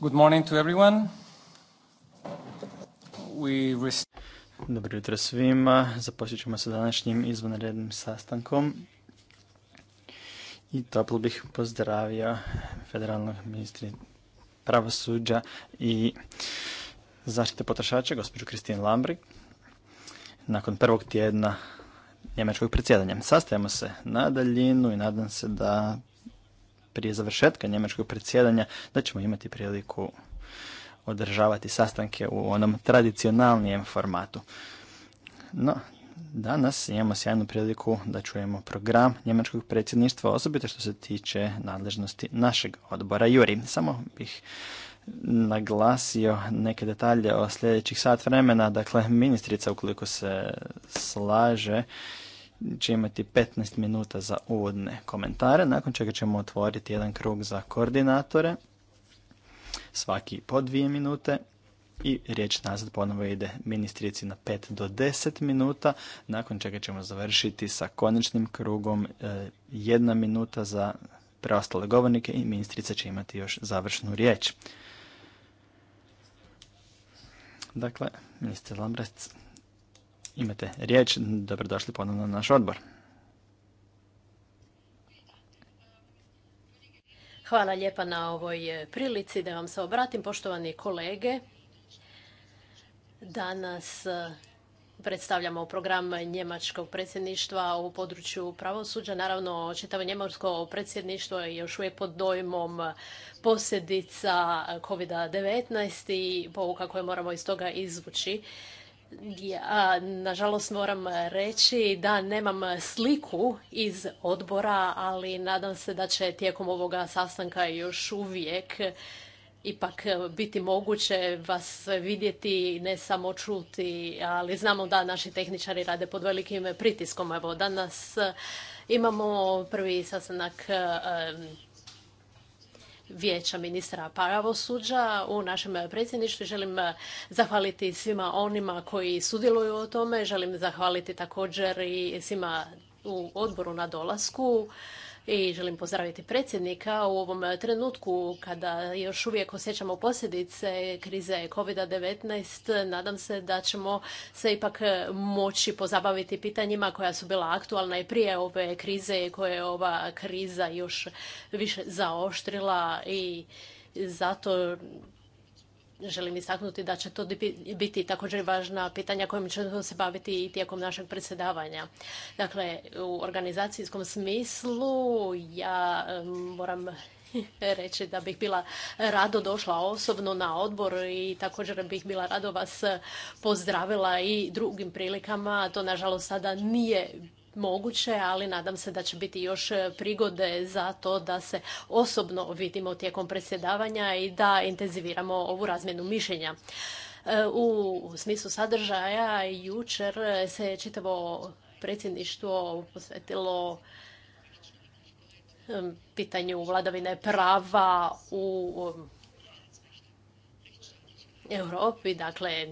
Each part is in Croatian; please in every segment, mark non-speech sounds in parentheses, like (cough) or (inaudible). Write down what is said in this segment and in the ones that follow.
Good morning to everyone. Dobro jutro svima. Započet ćemo sa današnjim izvanrednim sastankom. I toplo bih pozdravio federalnog ministri pravosuđa i zaštite potrošača, gospođu Kristin Lambrik, nakon prvog tjedna njemačkog predsjedanja. Sastajemo se na daljinu i nadam se da prije završetka njemačkog predsjedanja da ćemo imati priliku održavati sastanke u onom tradicionalnijem formatu. No, danas imamo sjajnu priliku da čujemo program njemačkog predsjedništva, osobito što se tiče nadležnosti našeg odbora Juri. Samo bih naglasio neke detalje o sljedećih sat vremena. Dakle, ministrica, ukoliko se slaže, će imati 15 minuta za uvodne komentare, nakon čega ćemo otvoriti jedan krug za koordinatore, svaki po dvije minute i riječ nazad ponovo ide ministrici na 5 do 10 minuta, nakon čega ćemo završiti sa konačnim krugom e, jedna minuta za preostale govornike i ministrica će imati još završnu riječ. Dakle, ministar Lambrec, Imate riječ, dobrodošli ponovno na naš odbor. Hvala lijepa na ovoj e, prilici da vam se obratim, poštovani kolege. Danas e, predstavljamo program njemačkog predsjedništva u području pravosuđa. Naravno, čitavo njemačko predsjedništvo je još uvijek pod dojmom posljedica COVID-19 i pouka koje moramo iz toga izvući ja, nažalost, moram reći da nemam sliku iz odbora, ali nadam se da će tijekom ovoga sastanka još uvijek ipak biti moguće vas vidjeti, ne samo čuti, ali znamo da naši tehničari rade pod velikim pritiskom. Evo, danas imamo prvi sastanak vijeća ministra pravosuđa u našem predsjedništvu. Želim eh, zahvaliti svima onima koji sudjeluju u tome. Želim zahvaliti također i svima u odboru na dolasku i želim pozdraviti predsjednika u ovom trenutku kada još uvijek osjećamo posljedice krize COVID-19. Nadam se da ćemo se ipak moći pozabaviti pitanjima koja su bila aktualna i prije ove krize i koje je ova kriza još više zaoštrila i zato želim istaknuti da će to biti također važna pitanja kojim ćemo se baviti i tijekom našeg predsjedavanja. Dakle, u organizacijskom smislu ja moram (laughs) reći da bih bila rado došla osobno na odbor i također bih bila rado vas pozdravila i drugim prilikama. To nažalost sada nije moguće, ali nadam se da će biti još e, prigode za to da se osobno vidimo tijekom predsjedavanja i da intenziviramo ovu razmjenu mišljenja. E, u smislu sadržaja, jučer se čitavo predsjedništvo posvetilo e, pitanju vladavine prava u Europi, dakle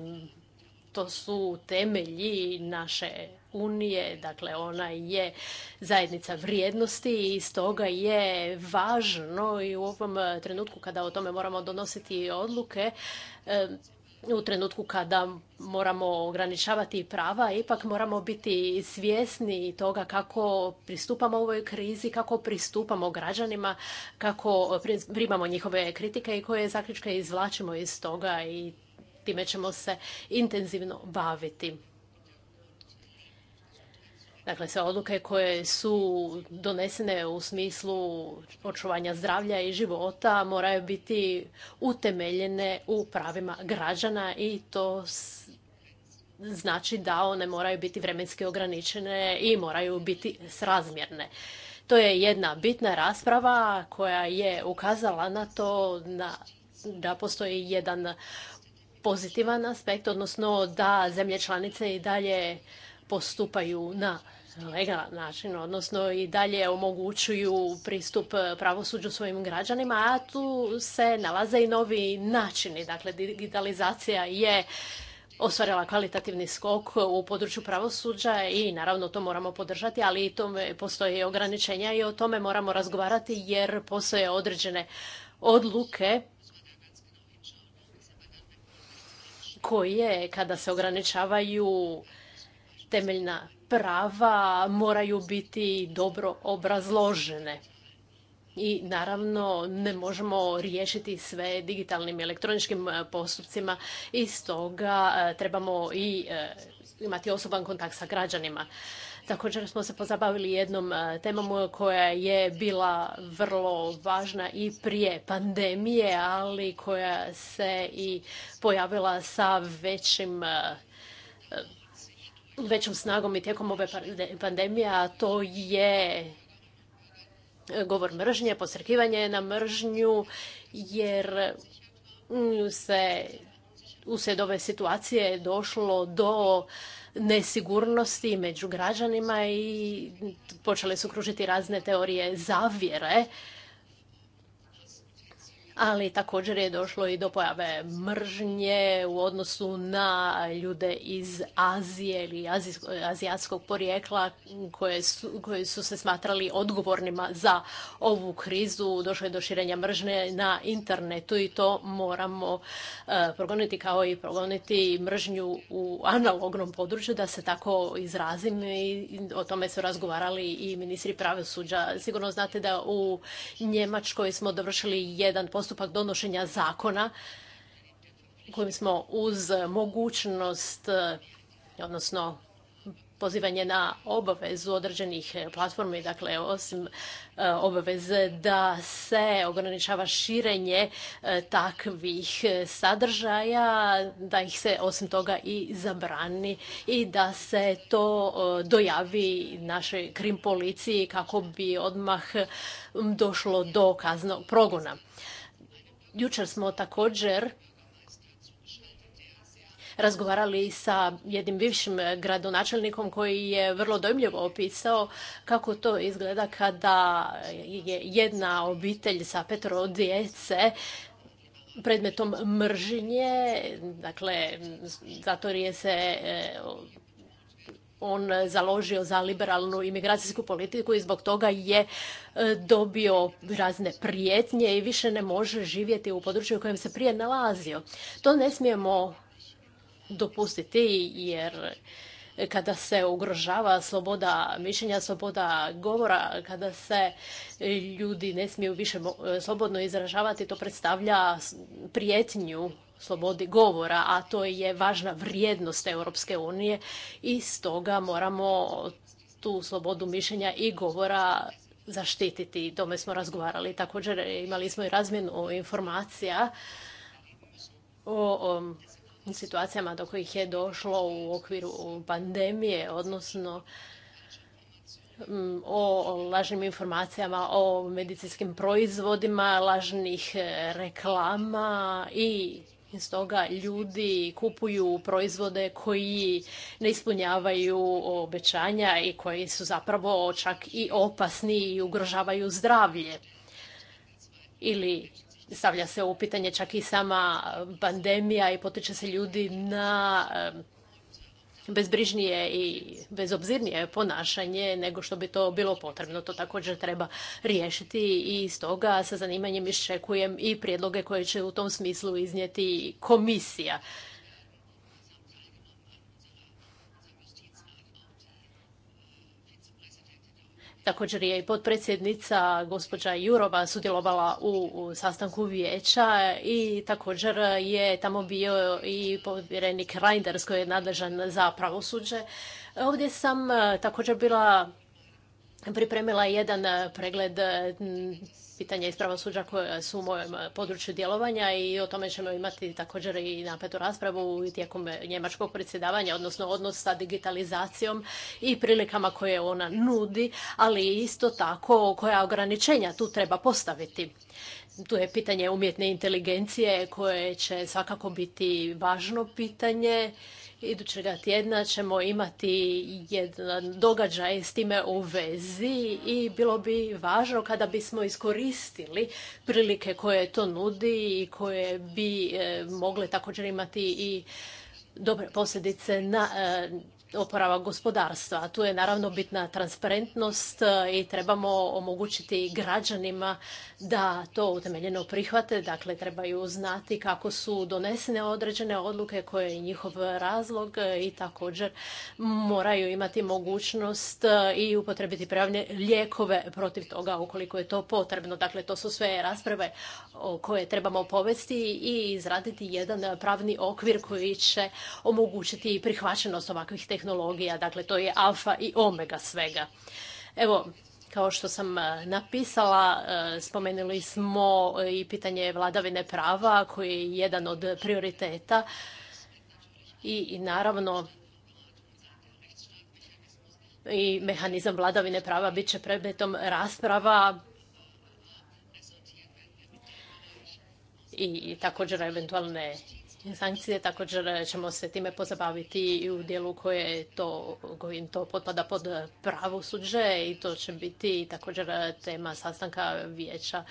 to su temelji naše unije, dakle ona je zajednica vrijednosti i stoga je važno i u ovom trenutku kada o tome moramo donositi odluke, u trenutku kada moramo ograničavati prava, ipak moramo biti svjesni toga kako pristupamo ovoj krizi, kako pristupamo građanima, kako primamo njihove kritike i koje zaključke izvlačimo iz toga i time ćemo se intenzivno baviti. Dakle, sve odluke koje su donesene u smislu očuvanja zdravlja i života moraju biti utemeljene u pravima građana i to znači da one moraju biti vremenski ograničene i moraju biti srazmjerne. To je jedna bitna rasprava koja je ukazala na to na, da postoji jedan pozitivan aspekt, odnosno da zemlje članice i dalje postupaju na legalan način, odnosno i dalje omogućuju pristup eh, pravosuđu svojim građanima, a tu se nalaze i novi načini. Dakle, digitalizacija je ostvarila kvalitativni skok u području pravosuđa i naravno to moramo podržati, ali i tome postoje ograničenja i o tome moramo razgovarati jer postoje određene odluke koje kada se ograničavaju temeljna prava moraju biti dobro obrazložene. I naravno ne možemo riješiti sve digitalnim i elektroničkim e, postupcima i stoga e, trebamo i e, imati osoban kontakt sa građanima. Također smo se pozabavili jednom temom koja je bila vrlo važna i prije pandemije, ali koja se i pojavila sa većim većom snagom i tijekom ove pandemije, a to je govor mržnje, posrkivanje na mržnju, jer mm, se uslijed ove situacije došlo do nesigurnosti među građanima i počele su kružiti razne teorije zavjere ali također je došlo i do pojave mržnje u odnosu na ljude iz Azije ili azijatskog porijekla koje su, koji su se smatrali odgovornima za ovu krizu. Došlo je do širenja mržnje na internetu i to moramo e, progoniti kao i progoniti mržnju u analognom području, da se tako izrazim i o tome su razgovarali i ministri pravosuđa. Sigurno znate da u Njemačkoj smo dovršili jedan postupak donošenja zakona kojim smo uz mogućnost, odnosno pozivanje na obavezu određenih platformi, dakle osim e, obaveze da se ograničava širenje e, takvih sadržaja, da ih se osim toga i zabrani i da se to e, dojavi našoj krim policiji kako bi odmah došlo do kaznog progona. Jučer smo također razgovarali sa jednim bivšim gradonačelnikom koji je vrlo dojmljivo opisao kako to izgleda kada je jedna obitelj sa petro djece predmetom mržnje, dakle, zato jer je se on e, založio za liberalnu imigracijsku politiku i zbog toga je e, dobio razne prijetnje i više ne može živjeti u području u kojem se prije nalazio. To ne smijemo dopustiti jer kada se ugrožava sloboda mišljenja, sloboda govora, kada se ljudi ne smiju više slobodno izražavati, to predstavlja prijetnju slobodi govora, a to je važna vrijednost Europske unije i stoga moramo tu slobodu mišljenja i govora zaštititi i tome smo razgovarali. Također imali smo i razmjenu informacija o, o situacijama do kojih je došlo u okviru pandemije, odnosno mm, o lažnim informacijama o medicinskim proizvodima, lažnih reklama i stoga ljudi kupuju proizvode koji ne ispunjavaju obećanja i koji su zapravo čak i opasni i ugrožavaju zdravlje. Ili stavlja se u pitanje čak i sama pandemija i potiče se ljudi na bezbrižnije i bezobzirnije ponašanje nego što bi to bilo potrebno. To također treba riješiti i stoga sa zanimanjem iščekujem i prijedloge koje će u tom smislu iznijeti komisija. Također je i potpredsjednica gospođa Jurova sudjelovala u, sastanku vijeća i također je tamo bio i povjerenik Reinders koji je nadležan za pravosuđe. Ovdje sam e, također bila pripremila jedan e, pregled pitanja iz pravosuđa koje su u mojem području djelovanja i o tome ćemo imati također i napetu raspravu tijekom njemačkog predsjedavanja, odnosno odnos sa digitalizacijom i prilikama koje ona nudi, ali isto tako koja ograničenja tu treba postaviti. Tu je pitanje umjetne inteligencije koje će svakako biti važno pitanje Idućega tjedna ćemo imati jedan događaj s time u vezi i bilo bi važno kada bismo iskoristili prilike koje to nudi i koje bi eh, mogle također imati i dobre posljedice na eh, oporava gospodarstva. Tu je naravno bitna transparentnost eh, i trebamo omogućiti građanima da to utemeljeno prihvate. Dakle, trebaju znati kako su donesene određene odluke, koje je njihov razlog eh, i također moraju imati mogućnost eh, i upotrebiti pravne lijekove protiv toga ukoliko je to potrebno. Dakle, to su sve rasprave koje trebamo povesti i izraditi jedan pravni okvir koji će omogućiti prihvaćenost ovakvih tehnologija tehnologija, dakle to je alfa i omega svega. Evo, kao što sam e, napisala, e, spomenuli smo i pitanje vladavine prava koji je jedan od prioriteta i, i naravno i mehanizam vladavine prava bit će predmetom rasprava i također eventualne sankcije. Također e, ćemo se time pozabaviti i u dijelu koje to, kojim to potpada pod pravo suđe i to će biti također e, tema sastanka vijeća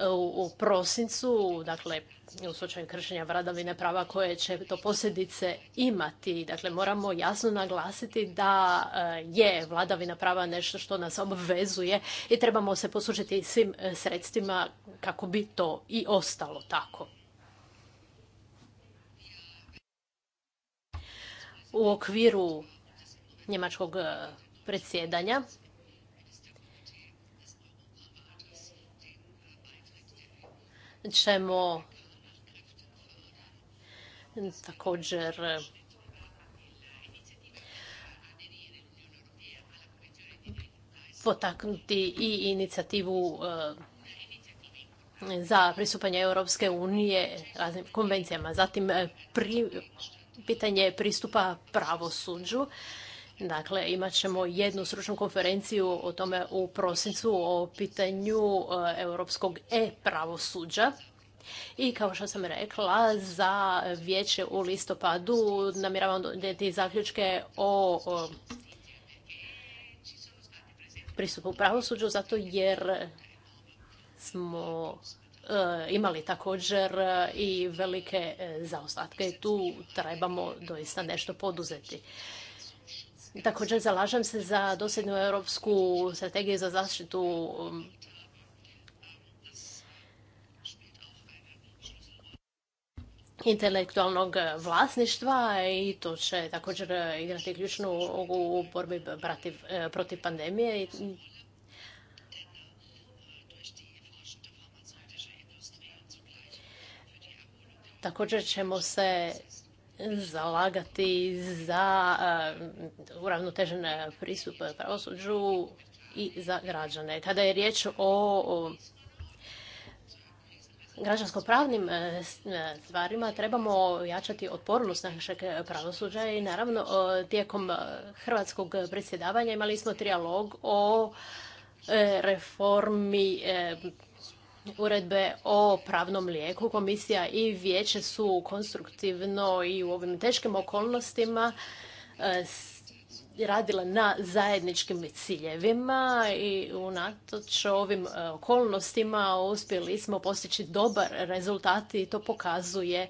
e, u, u prosincu, dakle u slučaju kršenja vladavine prava koje će to posljedice imati. Dakle, moramo jasno naglasiti da je vladavina prava nešto što nas obvezuje i trebamo se poslužiti svim sredstvima kako bi to i ostalo tako. u okviru njemačkog e, predsjedanja. ćemo također e, potaknuti i inicijativu e, za pristupanje Europske unije raznim konvencijama. Zatim pitanje pristupa pravosuđu. Dakle, imat ćemo jednu stručnu konferenciju o tome u prosincu o pitanju e, europskog e-pravosuđa. I kao što sam rekla, za vijeće u listopadu namjeravam donijeti zaključke o pristupu pravosuđu, zato jer smo E, imali također e, i velike e, zaostatke i tu trebamo doista nešto poduzeti. Također zalažem se za dosljednu europsku strategiju za zaštitu intelektualnog vlasništva i to će također igrati ključnu ulogu u borbi protiv pandemije. I Također ćemo se zalagati za e, uravnotežen pristup pravosuđu i za građane. Kada je riječ o građansko-pravnim e, e, stvarima trebamo jačati otpornost našeg pravosuđa i naravno tijekom hrvatskog predsjedavanja imali smo trijalog o reformi uredbe o pravnom lijeku. Komisija i vijeće su konstruktivno i u ovim teškim okolnostima e, radila na zajedničkim ciljevima i unatoč ovim e, okolnostima uspjeli smo postići dobar rezultat i to pokazuje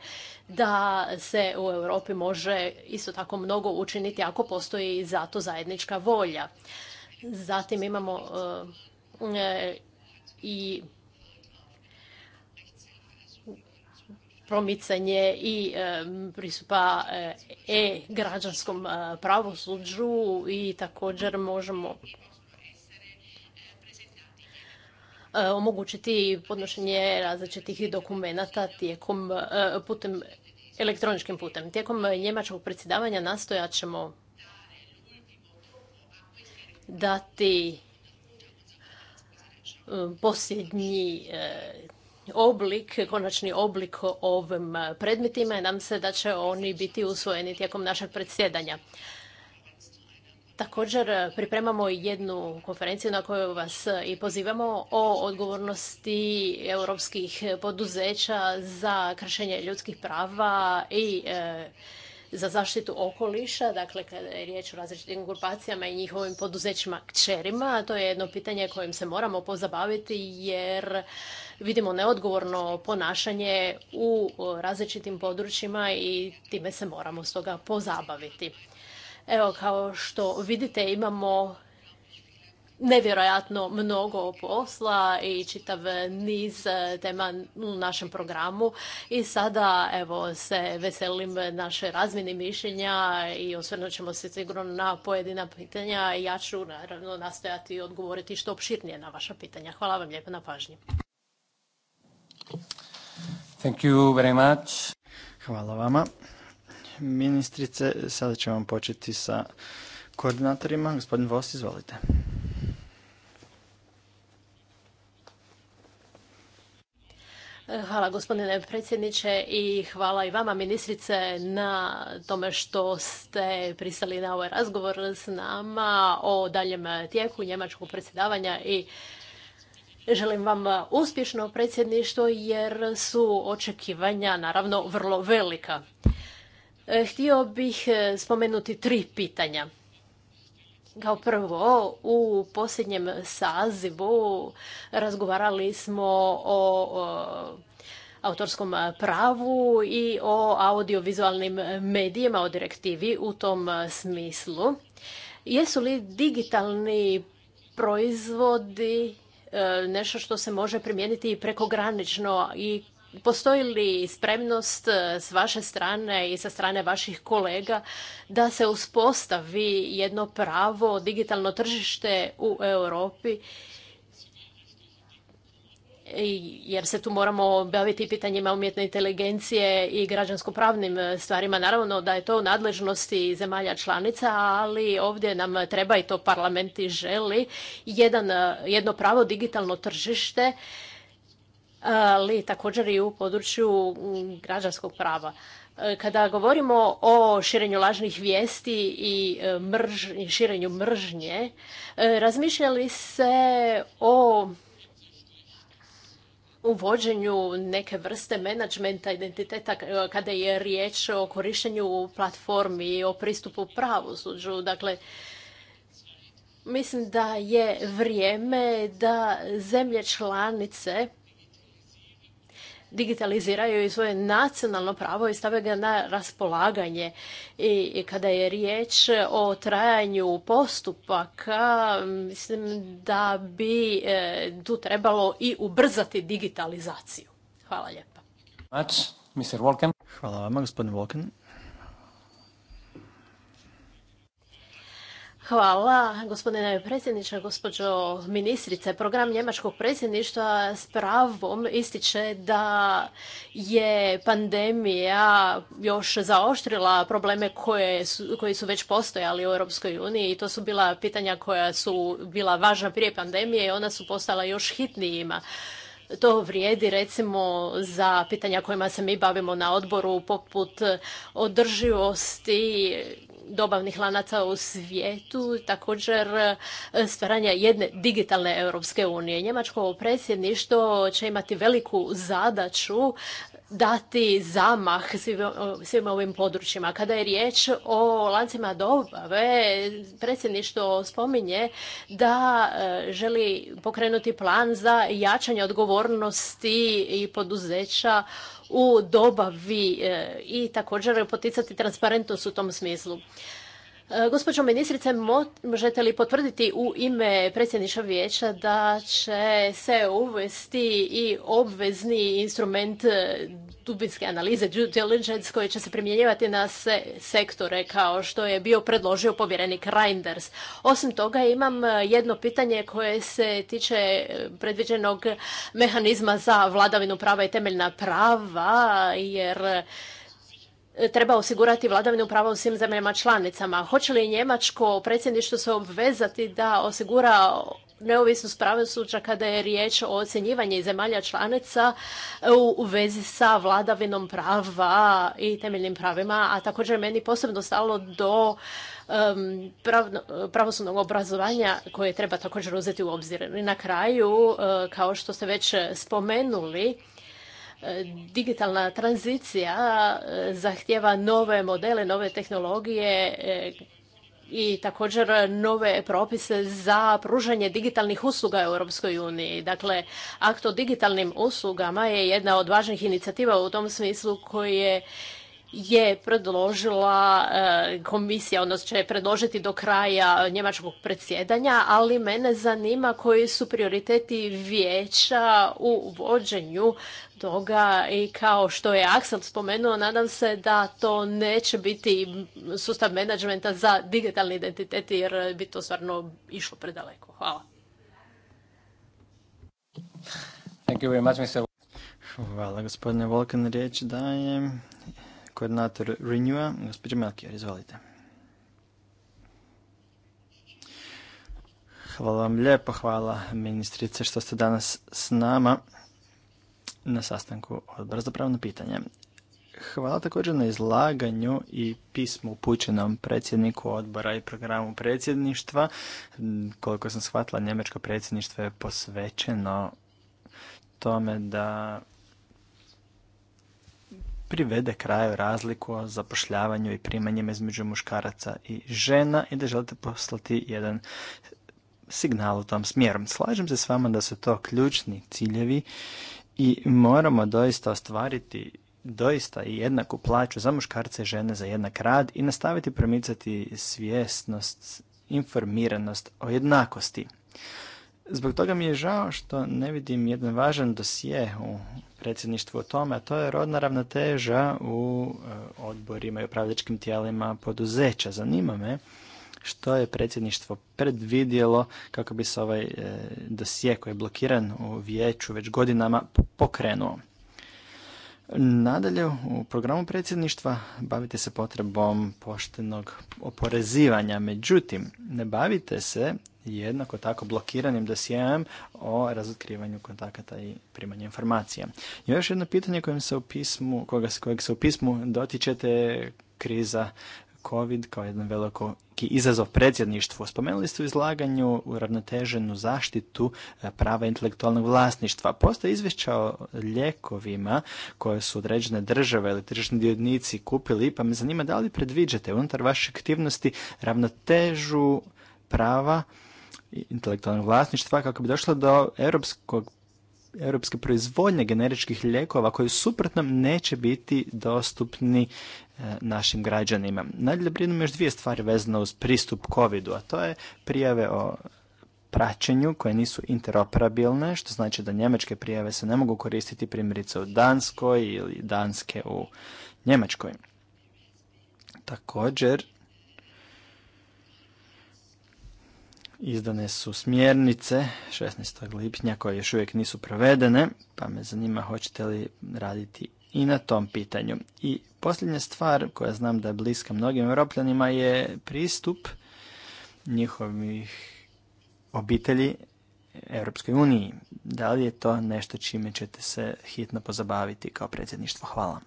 da se u Europi može isto tako mnogo učiniti ako postoji za to zajednička volja. Zatim imamo e, i promicanje i pristupa eh, e-građanskom eh, pravosuđu i također možemo eh, omogućiti podnošenje različitih dokumenata tijekom putem elektroničkim putem. Tijekom njemačkog predsjedavanja nastojat ćemo dati posljednji oblik, konačni oblik ovim eh, predmetima i nam se da će oni biti usvojeni tijekom našeg predsjedanja. Također eh, pripremamo jednu konferenciju na koju vas eh, i pozivamo o odgovornosti europskih poduzeća za kršenje ljudskih prava i za zaštitu okoliša, dakle kada je riječ o različitim grupacijama i njihovim poduzećima kćerima. To je jedno pitanje kojim se moramo pozabaviti jer vidimo neodgovorno ponašanje u različitim područjima i time se moramo stoga pozabaviti. Evo, kao što vidite, imamo nevjerojatno mnogo posla i čitav niz e, tema u našem programu i sada evo se veselim naše razmjene mišljenja i osvrnut ćemo se sigurno na pojedina pitanja i ja ću naravno nastojati odgovoriti što opširnije na vaša pitanja. Hvala vam lijepo na pažnji. Thank you very much. Hvala vama. Ministrice, sada ćemo početi sa koordinatorima. Gospodin Vos, izvolite. Hvala gospodine predsjedniče i hvala i vama ministrice na tome što ste pristali na ovaj razgovor s nama o daljem tijeku njemačkog predsjedavanja i želim vam uspješno predsjedništvo jer su očekivanja naravno vrlo velika. E, htio bih spomenuti tri pitanja. Kao prvo, u posljednjem sazivu razgovarali smo o autorskom pravu i o audiovizualnim medijima, o direktivi u tom smislu. Jesu li digitalni proizvodi e, nešto što se može primijeniti i prekogranično i postoji li spremnost e, s vaše strane i sa strane vaših kolega da se uspostavi jedno pravo digitalno tržište u Europi jer se tu moramo baviti pitanjima umjetne inteligencije i građansko-pravnim e, stvarima. Naravno da je to u nadležnosti zemalja članica, ali ovdje nam treba i to parlament i želi jedan, e, jedno pravo digitalno tržište, e, ali također i u području građanskog prava. Kada govorimo o širenju lažnih vijesti i mrž, širenju mržnje, razmišljali se o uvođenju neke vrste menadžmenta identiteta e, kada je riječ o korištenju platformi i o pristupu pravosuđu. Dakle, mislim da je vrijeme da zemlje članice digitaliziraju i svoje nacionalno pravo i stave ga na raspolaganje. I kada je riječ o trajanju postupaka, mislim da bi e, tu trebalo i ubrzati digitalizaciju. Hvala lijepa. Hvala vama, gospodin Volken. Hvala, gospodine predsjedniče, gospođo ministrice. Program njemačkog predsjedništva s pravom ističe da je pandemija još zaoštrila probleme koje su, koji su već postojali u Europskoj uniji i to su bila pitanja koja su bila važna prije pandemije i ona su postala još hitnijima. To vrijedi recimo za pitanja kojima se mi bavimo na odboru poput održivosti dobavnih lanaca u svijetu, također e, stvaranja jedne digitalne Europske unije. Njemačko predsjedništvo će imati veliku zadaću dati zamah svim ovim područjima. Kada je riječ o lancima dobave, predsjedništvo spominje da e, želi pokrenuti plan za jačanje odgovornosti i poduzeća u dobavi e, i također poticati transparentnost u tom smislu. E, gospođo ministrice, možete li potvrditi u ime predsjedništva vijeća da će se uvesti i obvezni instrument e, dubinske analize due diligence koji će se primjenjivati na sektore kao što je bio predložio povjerenik Reinders. Osim toga imam e, jedno pitanje koje se tiče predviđenog mehanizma za vladavinu prava i temeljna prava jer treba osigurati vladavinu prava u svim zemljama članicama. Hoće li njemačko predsjedništvo se obvezati da osigura neovisnost pravosuđa kada je riječ o ocjenjivanju zemalja članica e, u vezi sa vladavinom prava i temeljnim pravima, a također meni posebno stalo do pravosudnog obrazovanja koje treba također uzeti u obzir. I na kraju, e, kao što ste već spomenuli, E, digitalna tranzicija e, zahtjeva nove modele, nove tehnologije e, i također nove propise za pružanje digitalnih usluga u Europskoj uniji. Dakle, akt o digitalnim uslugama je jedna od važnih inicijativa u tom smislu koje je predložila e, komisija, odnosno će predložiti do kraja njemačkog predsjedanja, ali mene zanima koji su prioriteti vijeća u vođenju toga i kao što je Axel spomenuo, nadam se da to neće biti sustav menadžmenta za digitalni identitet jer bi to stvarno išlo predaleko. Hvala. Hvala gospodine Volkan, riječ dajem koordinator Renewa, gospođa Melkier, izvolite. Hvala vam lijepo, hvala ministrice što ste danas s nama na sastanku odbora za pravno pitanje. Hvala također na izlaganju i pismu upućenom predsjedniku odbora i programu predsjedništva. Koliko sam shvatila, Njemečko predsjedništvo je posvećeno tome da privede kraju razliku o zapošljavanju i primanjima između muškaraca i žena i da želite poslati jedan signal u tom smjeru. Slažem se s vama da su to ključni ciljevi i moramo doista ostvariti doista i jednaku plaću za muškarce i žene za jednak rad i nastaviti promicati svjesnost, informiranost o jednakosti. Zbog toga mi je žao što ne vidim jedan važan dosje u predsjedništvu o tome, a to je rodna ravnoteža u e, odborima i upravljačkim tijelima poduzeća. Zanima me što je predsjedništvo predvidjelo kako bi se ovaj e, dosije koji je blokiran u vijeću već godinama pokrenuo. Nadalje, u programu predsjedništva bavite se potrebom poštenog oporezivanja, međutim, ne bavite se jednako tako blokiranim dosjejem o razotkrivanju kontakata i primanju informacija. Još jedno pitanje se u pismu, kojeg se u pismu dotičete kriza COVID kao jedan veliko izazov predsjedništvu. Spomenuli ste u izlaganju u ravnoteženu zaštitu e, prava intelektualnog vlasništva. Postoje izvješća o ljekovima koje su određene države ili tržišni dionici kupili, pa me zanima da li predviđate unutar vaše aktivnosti ravnotežu prava intelektualnog vlasništva kako bi došlo do europskog europske proizvodnje generičkih lijekova koji suprotno neće biti dostupni e, našim građanima. Nadalje brinu još dvije stvari vezano uz pristup COVID-u, a to je prijave o praćenju koje nisu interoperabilne, što znači da njemačke prijave se ne mogu koristiti primjerice u Danskoj ili Danske u Njemačkoj. Također, Izdane su smjernice 16. lipnja koje još uvijek nisu provedene, pa me zanima hoćete li raditi i na tom pitanju. I posljednja stvar koja znam da je bliska mnogim europljanima je pristup njihovih obitelji Europskoj uniji. Da li je to nešto čime ćete se hitno pozabaviti kao predsjedništvo? Hvala.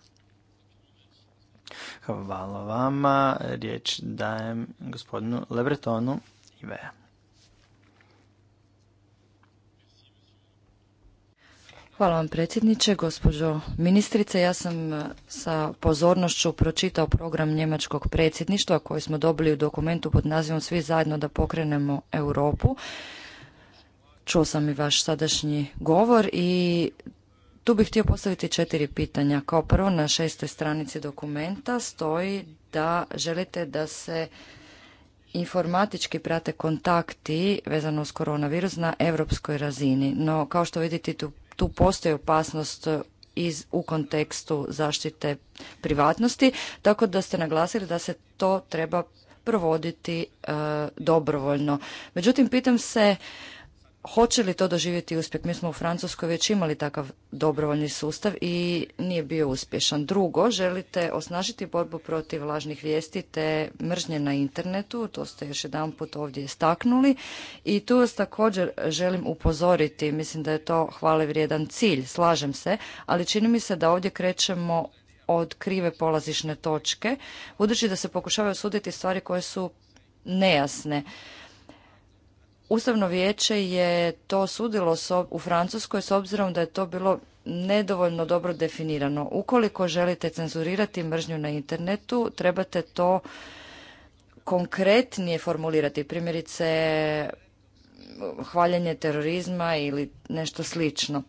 Hvala vama. Riječ dajem gospodinu Lebretonu Veja. Hvala vam predsjedniče, gospođo ministrice. Ja sam e, sa pozornošću pročitao program njemačkog predsjedništva koji smo dobili u dokumentu pod nazivom Svi zajedno da pokrenemo Europu. Čuo sam i vaš sadašnji govor i tu bih htio postaviti četiri pitanja. Kao prvo na šestoj stranici dokumenta stoji da želite da se informatički prate kontakti vezano uz koronavirus na europskoj razini. No, kao što vidite tu tu postoji opasnost e, iz, u kontekstu zaštite privatnosti, tako da ste naglasili da se to treba provoditi e, dobrovoljno. Međutim, pitam se hoće li to doživjeti uspjeh? Mi smo u Francuskoj već imali takav dobrovoljni sustav i nije bio uspješan. Drugo, želite osnažiti borbu protiv lažnih vijesti te mržnje na internetu, to ste još jedan put ovdje istaknuli i tu vas također želim upozoriti, mislim da je to hvale vrijedan cilj, slažem se, ali čini mi se da ovdje krećemo od krive polazišne točke, budući da se pokušavaju suditi stvari koje su nejasne. Ustavno vijeće je to sudilo u Francuskoj s obzirom da je to bilo nedovoljno dobro definirano. Ukoliko želite cenzurirati mržnju na internetu, trebate to konkretnije formulirati. Primjerice, hvaljenje terorizma ili nešto slično.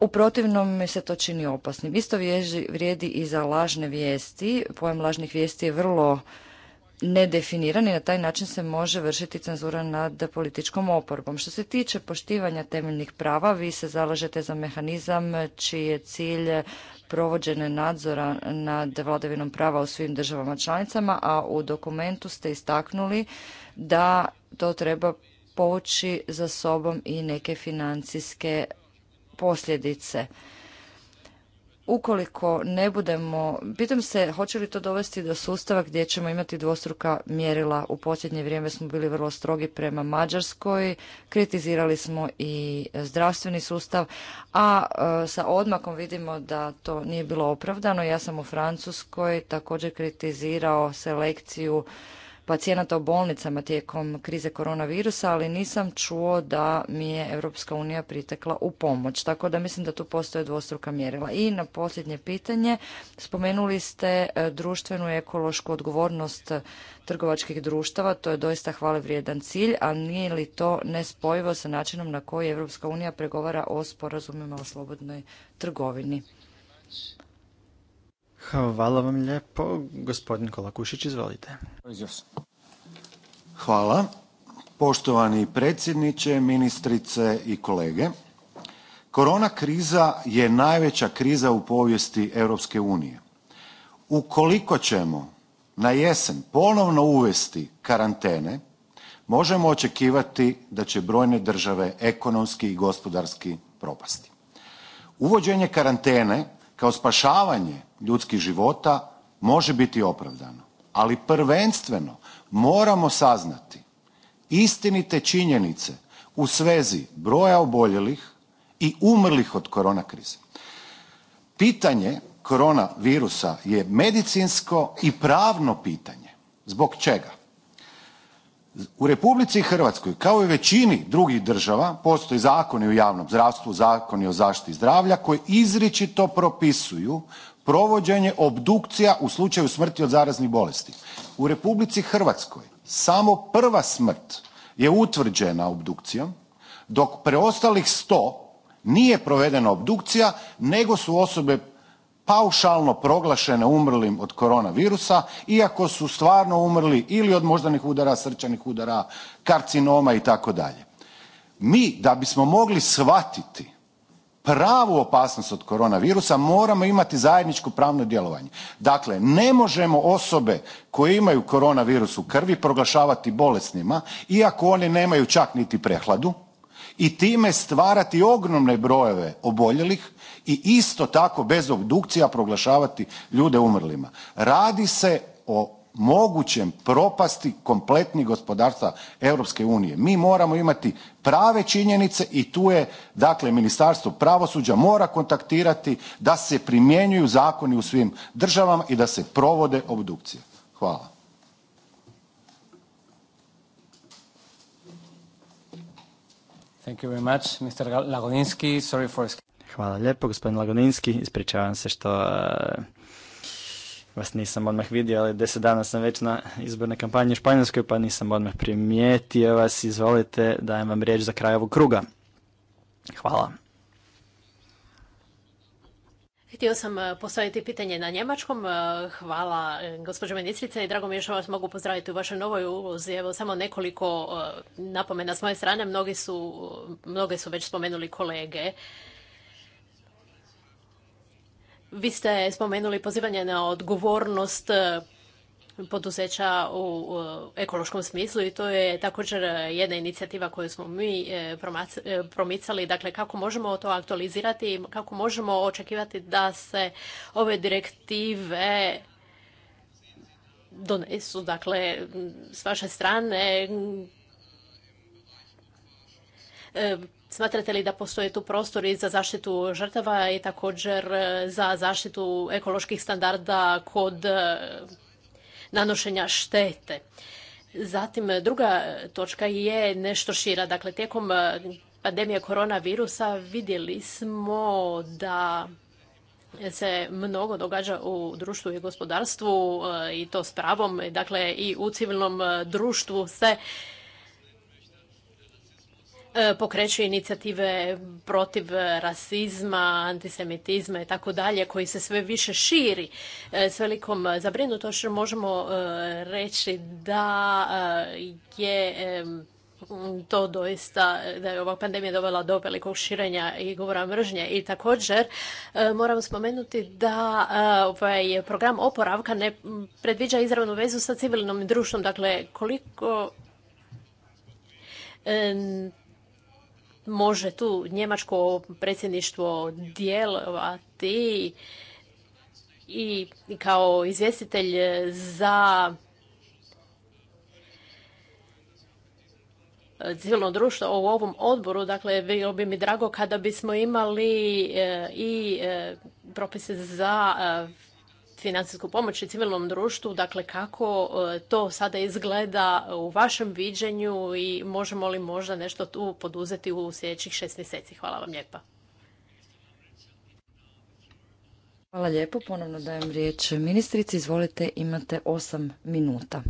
U protivnom mi se to čini opasnim. Isto vrijedi i za lažne vijesti. Pojem lažnih vijesti je vrlo nedefinirani, na taj način se može vršiti cenzura nad političkom oporbom. Što se tiče poštivanja temeljnih prava, vi se zalažete za mehanizam čiji je cilj provođene nadzora nad vladavinom prava u svim državama članicama, a u dokumentu ste istaknuli da to treba povući za sobom i neke financijske posljedice ukoliko ne budemo, pitam se hoće li to dovesti do sustava gdje ćemo imati dvostruka mjerila. U posljednje vrijeme smo bili vrlo strogi prema Mađarskoj, kritizirali smo i zdravstveni sustav, a e, sa odmakom vidimo da to nije bilo opravdano. Ja sam u Francuskoj također kritizirao selekciju pacijenata u bolnicama tijekom krize koronavirusa, ali nisam čuo da mi je Europska unija pritekla u pomoć. Tako da mislim da tu postoje dvostruka mjerila. I na posljednje pitanje, spomenuli ste e, društvenu i ekološku odgovornost trgovačkih društava, to je doista hvale vrijedan cilj, a nije li to nespojivo sa načinom na koji Europska unija pregovara o sporazumima o slobodnoj trgovini? Hvala vam lijepo. Gospodin Kolakušić, izvolite. Hvala. Poštovani predsjedniče, ministrice i kolege. Korona kriza je najveća kriza u povijesti Europske unije. Ukoliko ćemo na jesen ponovno uvesti karantene, možemo očekivati da će brojne države ekonomski i gospodarski propasti. Uvođenje karantene kao spašavanje ljudskih života može biti opravdano, ali prvenstveno moramo saznati istinite činjenice u svezi broja oboljelih i umrlih od korona krize. Pitanje korona virusa je medicinsko i pravno pitanje. Zbog čega? U Republici Hrvatskoj kao i u većini drugih država postoje zakoni o javnom zdravstvu, zakoni o zaštiti zdravlja koji izričito propisuju provođenje obdukcija u slučaju smrti od zaraznih bolesti. U Republici Hrvatskoj samo prva smrt je utvrđena obdukcijom dok preostalih sto nije provedena obdukcija nego su osobe paušalno proglašene umrlim od koronavirusa, iako su stvarno umrli ili od moždanih udara, srčanih udara, karcinoma i tako dalje. Mi da bismo mogli shvatiti pravu opasnost od koronavirusa moramo imati zajedničko pravno djelovanje. Dakle, ne možemo osobe koje imaju koronavirus u krvi proglašavati bolesnima iako oni nemaju čak niti prehladu i time stvarati ogromne brojeve oboljelih i isto tako bez obdukcija proglašavati ljude umrlima. Radi se o mogućem propasti kompletnih gospodarstva Europske unije. Mi moramo imati prave činjenice i tu je dakle Ministarstvo pravosuđa mora kontaktirati da se primjenjuju zakoni u svim državama i da se provode obdukcije. Hvala. Hvala lijepo, gospodin Lagodinski. Ispričavam se što vas nisam odmah vidio, ali deset dana sam već na izborne kampanje u Španjolskoj, pa nisam odmah primijetio vas. Izvolite, dajem vam riječ za kraj ovog kruga. Hvala. Htio sam e, postaviti pitanje na njemačkom. E, hvala e, gospođo ministrice i drago mi je što vas mogu pozdraviti u vašoj novoj ulozi. Evo samo nekoliko napomena s moje strane. Mnogi su, mnoge su već spomenuli kolege. Vi ste spomenuli pozivanje na odgovornost e, poduzeća u ekološkom smislu i to je također jedna inicijativa koju smo mi e, e, promicali. Dakle, kako možemo to aktualizirati i kako možemo očekivati da se ove direktive donesu, dakle, s vaše strane, Smatrate li da postoje tu prostori za zaštitu žrtava i također e, za zaštitu ekoloških standarda kod e, nanošenja štete? Zatim, druga točka je nešto šira. Dakle, tijekom e, pandemije koronavirusa vidjeli smo da se mnogo događa u društvu i gospodarstvu i to s pravom. Dakle, i u civilnom društvu se E, pokreću inicijative protiv rasizma, antisemitizma i tako dalje, koji se sve više širi. E, s velikom zabrinutošću možemo e, reći da je to doista, da je ova pandemija dovela do velikog širenja i govora mržnje. I također moramo spomenuti da ovaj program oporavka ne predviđa izravnu vezu sa civilnom društvom. Dakle, koliko može tu njemačko predsjedništvo djelovati i kao izvjestitelj za civilno društvo u ovom odboru, dakle bilo bi mi drago kada bismo imali e, i e, propise za e, financijsku pomoć i civilnom društvu, dakle kako e, to sada izgleda u vašem viđenju i možemo li možda nešto tu poduzeti u sljedećih šest mjeseci? Hvala vam lijepa. Hvala lijepo, ponovno dajem riječ ministrici. Izvolite, imate osam minuta.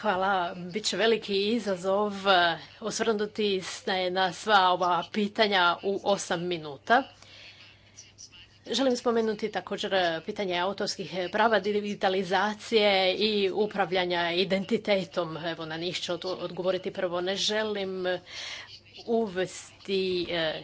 Hvala. Biće veliki izazov e, osvrnuti na sva ova pitanja u osam minuta. Želim spomenuti također pitanje autorskih prava, digitalizacije i upravljanja identitetom. Evo, na njih ću odgovoriti prvo. Ne želim uvesti e,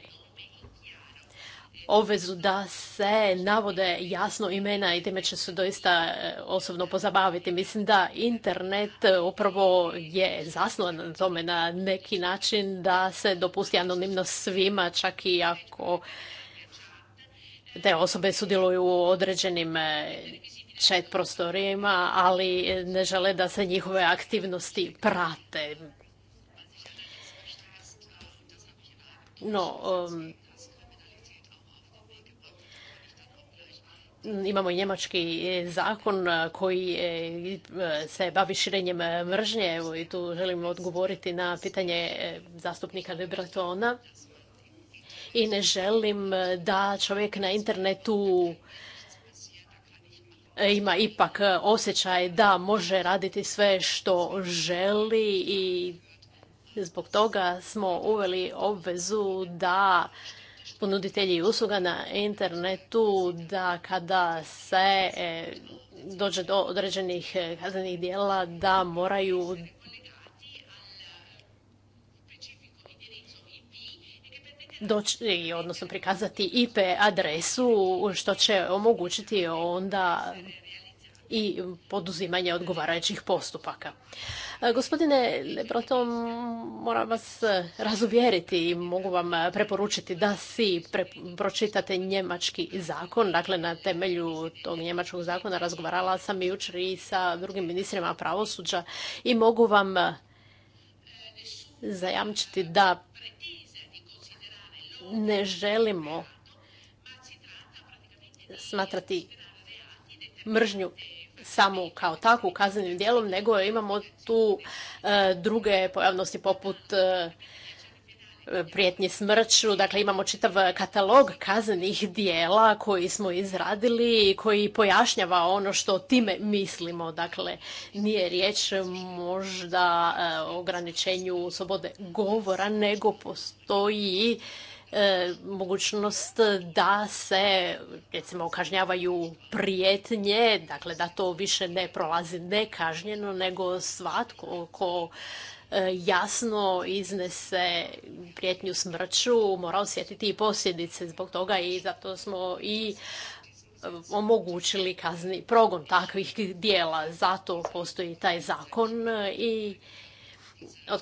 obvezu da se navode jasno imena i time će se doista e, osobno pozabaviti. Mislim da internet e, upravo je zasnovan na tome na neki način da se dopusti anonimno svima, čak i ako te osobe sudjeluju u određenim e, chat prostorima, ali ne žele da se njihove aktivnosti prate. No, imamo i njemački e, zakon e, koji e, se bavi širenjem mržnje. Evo i tu želim odgovoriti na pitanje zastupnika Libretona. I ne želim da čovjek na internetu ima ipak osjećaj da može raditi sve što želi i zbog toga smo uveli obvezu da ponuditelji usluga na internetu da kada se e, dođe do određenih e, kaznenih dijela da moraju doći, odnosno prikazati IP adresu, što će omogućiti onda i poduzimanje odgovarajućih postupaka. E, gospodine Lebroton, moram vas e, razuvjeriti i mogu vam e, preporučiti da si pročitate njemački zakon. Dakle, na temelju tog njemačkog zakona razgovarala sam i jučer i sa drugim ministrima pravosuđa i mogu vam zajamčiti da ne želimo smatrati mržnju samo kao takvu kaznenim djelom, nego imamo tu e, druge pojavnosti poput e, prijetnje smrću. Dakle, imamo čitav katalog kaznenih dijela koji smo izradili i koji pojašnjava ono što time mislimo. Dakle, nije riječ možda e, o ograničenju slobode govora, nego postoji E, mogućnost da se recimo kažnjavaju prijetnje, dakle da to više ne prolazi nekažnjeno nego svatko ko e, jasno iznese prijetnju smrću mora osjetiti i posljedice zbog toga i zato smo i e, omogućili kazni progon takvih dijela. Zato postoji taj zakon i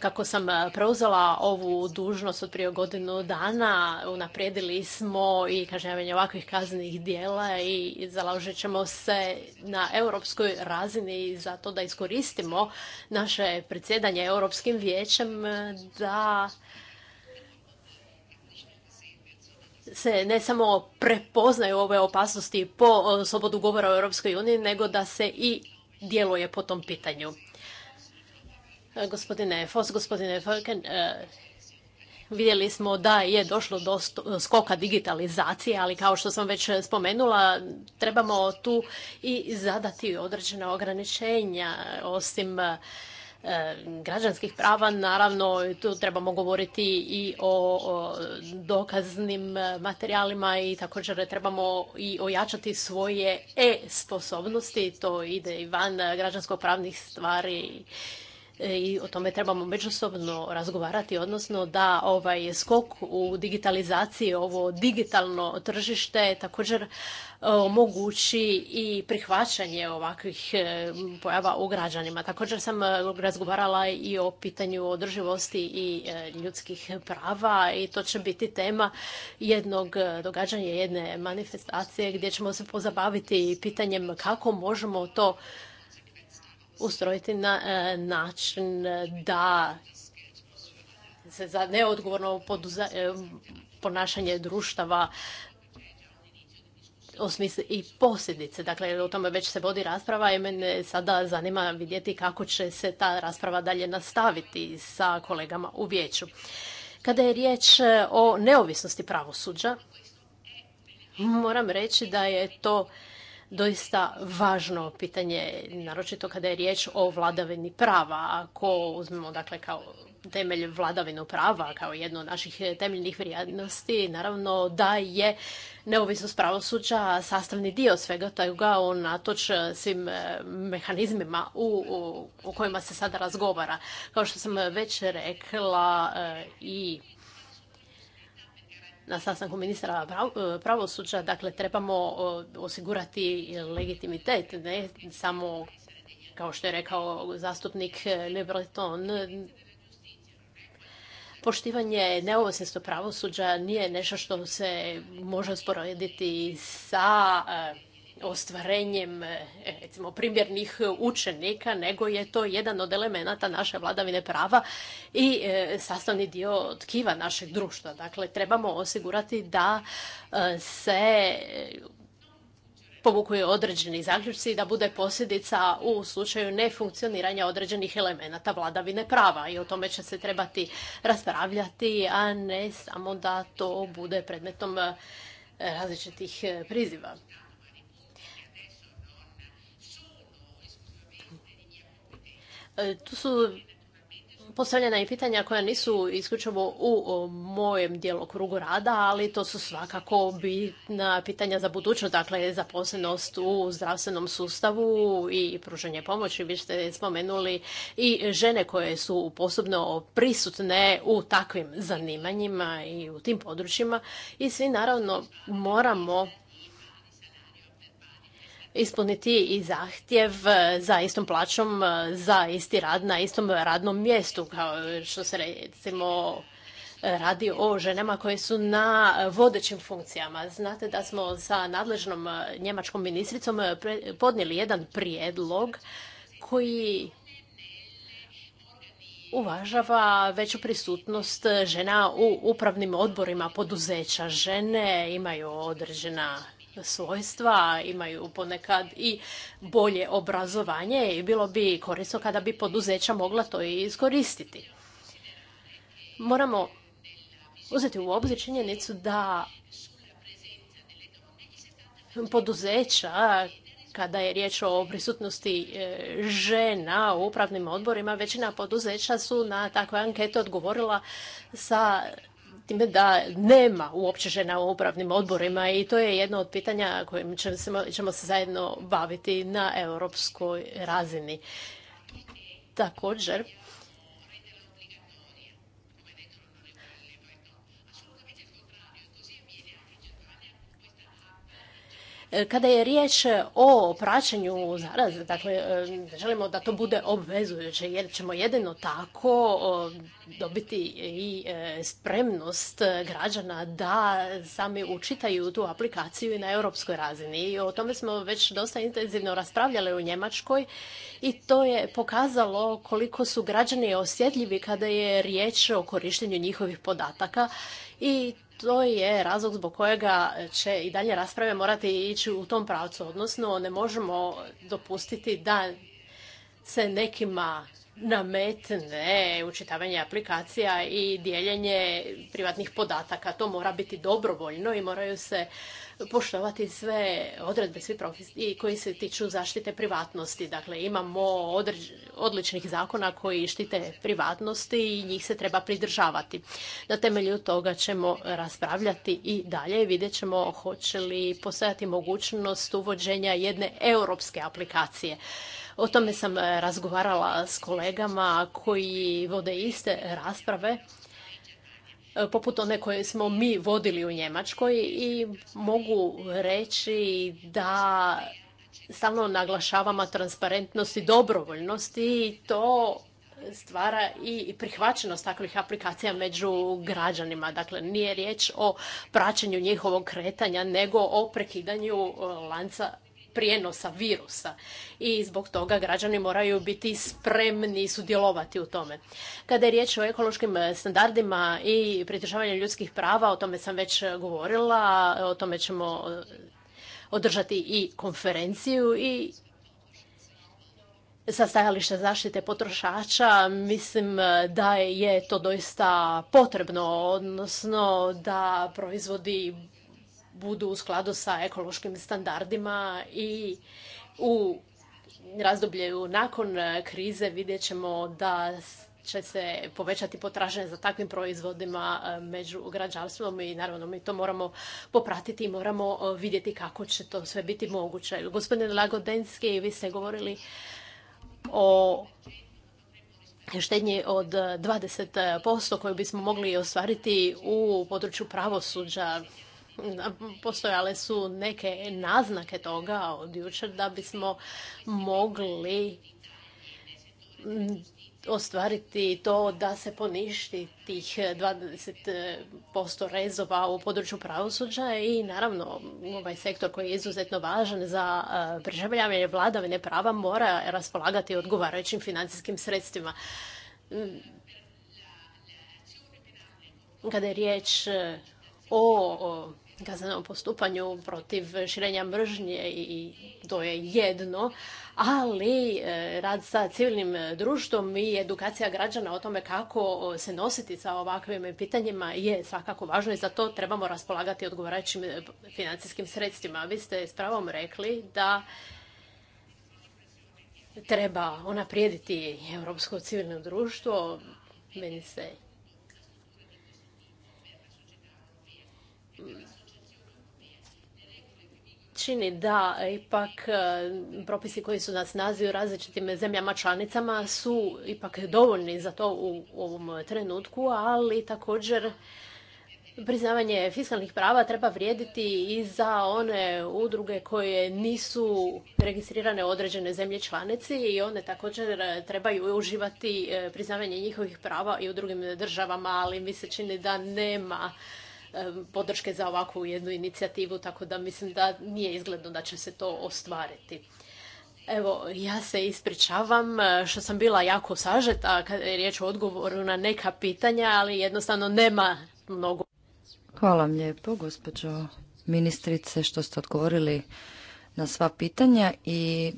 kako sam e, preuzela ovu dužnost od prije godinu dana, unaprijedili smo i kažnjavanje ovakvih kaznenih dijela i založit ćemo se na europskoj razini za to da iskoristimo naše predsjedanje Europskim vijećem e, da se ne samo prepoznaju ove opasnosti po e, slobodu govora u EU, nego da se i djeluje po tom pitanju. Gospodine Fos, gospodine Falken, e, vidjeli smo da je došlo do skoka digitalizacije, ali kao što sam već spomenula, trebamo tu i zadati određena ograničenja, osim e, građanskih prava, naravno tu trebamo govoriti i o dokaznim materijalima i također trebamo i ojačati svoje e-sposobnosti, to ide i van građansko-pravnih stvari E, i o tome trebamo međusobno razgovarati, odnosno da ovaj skok u digitalizaciji, ovo digitalno tržište također e, omogući i prihvaćanje ovakvih e, pojava u građanima. Također sam razgovarala i o pitanju održivosti i ljudskih prava i to će biti tema jednog događanja, jedne manifestacije gdje ćemo se pozabaviti pitanjem kako možemo to ustrojiti na e, način e, da se za neodgovorno e, ponašanje društava osmisli i posljedice. Dakle, o tome već se vodi rasprava i mene sada zanima vidjeti kako će se ta rasprava dalje nastaviti sa kolegama u vijeću. Kada je riječ o neovisnosti pravosuđa, moram reći da je to doista važno pitanje, naročito kada je riječ o vladavini prava. Ako uzmemo dakle kao temelj vladavinu prava kao jednu od naših temeljnih vrijednosti, naravno da je neovisnost pravosuđa sastavni dio svega toga unatoč svim e, mehanizmima u, u kojima se sada razgovara. Kao što sam već rekla e, i na sastanku ministra e, pravosuđa, dakle trebamo e, osigurati legitimitet, ne samo kao što je rekao zastupnik Le Breton, poštivanje neovisnosti pravosuđa nije nešto što se može usporediti sa e, ostvarenjem e, recimo primjernih učenika, nego je to jedan od elemenata naše vladavine prava i e, sastavni dio tkiva našeg društva. Dakle, trebamo osigurati da e, se povuku određeni zaključci da bude posljedica u slučaju nefunkcioniranja određenih elemenata vladavine prava i o tome će se trebati raspravljati, a ne samo da to bude predmetom različitih priziva. E, tu su postavljena i pitanja koja nisu isključivo u mojem djelokrugu rada, ali to su svakako bitna pitanja za budućnost, dakle zaposlenost u zdravstvenom sustavu i pružanje pomoći. Vi ste spomenuli i žene koje su posebno prisutne u takvim zanimanjima i u tim područjima i svi naravno moramo ispuniti i zahtjev e, za istom plaćom, e, za isti rad na istom radnom mjestu, kao što se recimo radi o ženama koje su na vodećim funkcijama. Znate da smo sa nadležnom e, njemačkom ministricom podnijeli jedan prijedlog koji uvažava veću prisutnost žena u upravnim odborima poduzeća. Žene imaju određena svojstva, imaju ponekad i bolje obrazovanje i bilo bi korisno kada bi poduzeća mogla to i iskoristiti. Moramo uzeti u obzir činjenicu da poduzeća kada je riječ o prisutnosti e, žena u upravnim odborima, većina poduzeća su na takve ankete odgovorila sa time da nema uopće žena u upravnim odborima i to je jedno od pitanja kojim ćemo se zajedno baviti na europskoj razini. Također, Kada je riječ o praćenju zaraze, dakle, e, želimo da to bude obvezujuće, jer ćemo jedino tako dobiti i e, spremnost građana da sami učitaju tu aplikaciju i na europskoj razini. I o tome smo već dosta intenzivno raspravljali u Njemačkoj i to je pokazalo koliko su građani osjetljivi kada je riječ o korištenju njihovih podataka i to je razlog zbog kojega će i dalje rasprave morati ići u tom pravcu, odnosno ne možemo dopustiti da se nekima nametne učitavanje aplikacija i dijeljenje privatnih podataka. To mora biti dobrovoljno i moraju se poštovati sve odredbe, svi profesi, koji se tiču zaštite privatnosti. Dakle, imamo odličnih zakona koji štite privatnosti i njih se treba pridržavati. Na temelju toga ćemo raspravljati i dalje. Vidjet ćemo hoće li postojati mogućnost uvođenja jedne europske aplikacije. O tome sam e, razgovarala s kolegama koji vode iste rasprave e, poput one koje smo mi vodili u Njemačkoj i mogu reći da stalno naglašavamo transparentnost i dobrovoljnost i to stvara i prihvaćenost takvih aplikacija među građanima. Dakle, nije riječ o praćenju njihovog kretanja, nego o prekidanju e, lanca prijenosa virusa i zbog toga građani moraju biti spremni sudjelovati u tome. Kada je riječ o ekološkim standardima i pridržavanju ljudskih prava, o tome sam već govorila, o tome ćemo eh, održati i konferenciju i sa stajališta zaštite potrošača mislim eh, da je to doista potrebno, odnosno da proizvodi budu u skladu sa ekološkim standardima i u razdoblju nakon krize vidjet ćemo da će se povećati potražnja za takvim proizvodima e, među građanstvom i naravno mi to moramo popratiti i moramo e, vidjeti kako će to sve biti moguće. Gospodine Lagodenski, vi ste govorili o štednji od 20% koju bismo mogli ostvariti u području pravosuđa postojale su neke naznake toga od jučer da bismo mogli ostvariti to da se poništi tih 20% rezova u području pravosuđa i naravno ovaj sektor koji je izuzetno važan za e, preživljavanje vladavine prava mora raspolagati odgovarajućim financijskim sredstvima. Kada je riječ e, o kaznenom postupanju protiv širenja mržnje i to je jedno, ali e, rad sa civilnim društvom i edukacija građana o tome kako se nositi sa ovakvim pitanjima je svakako važno i za to trebamo raspolagati odgovarajućim e, financijskim sredstvima. Vi ste s pravom rekli da treba unaprijediti europsko civilno društvo. Meni se čini da ipak e, propisi koji su na snazi u različitim zemljama članicama su ipak dovoljni za to u ovom trenutku, ali također priznavanje fiskalnih prava treba vrijediti i za one udruge koje nisu registrirane u određene zemlje članici i one također trebaju uživati e, priznavanje njihovih prava i u drugim državama, ali mi se čini da nema podrške za ovakvu jednu inicijativu, tako da mislim da nije izgledno da će se to ostvariti. Evo, ja se ispričavam e, što sam bila jako sažeta kada je riječ o odgovoru na neka pitanja, ali jednostavno nema mnogo. Hvala vam lijepo, gospođo ministrice, što ste odgovorili na sva pitanja i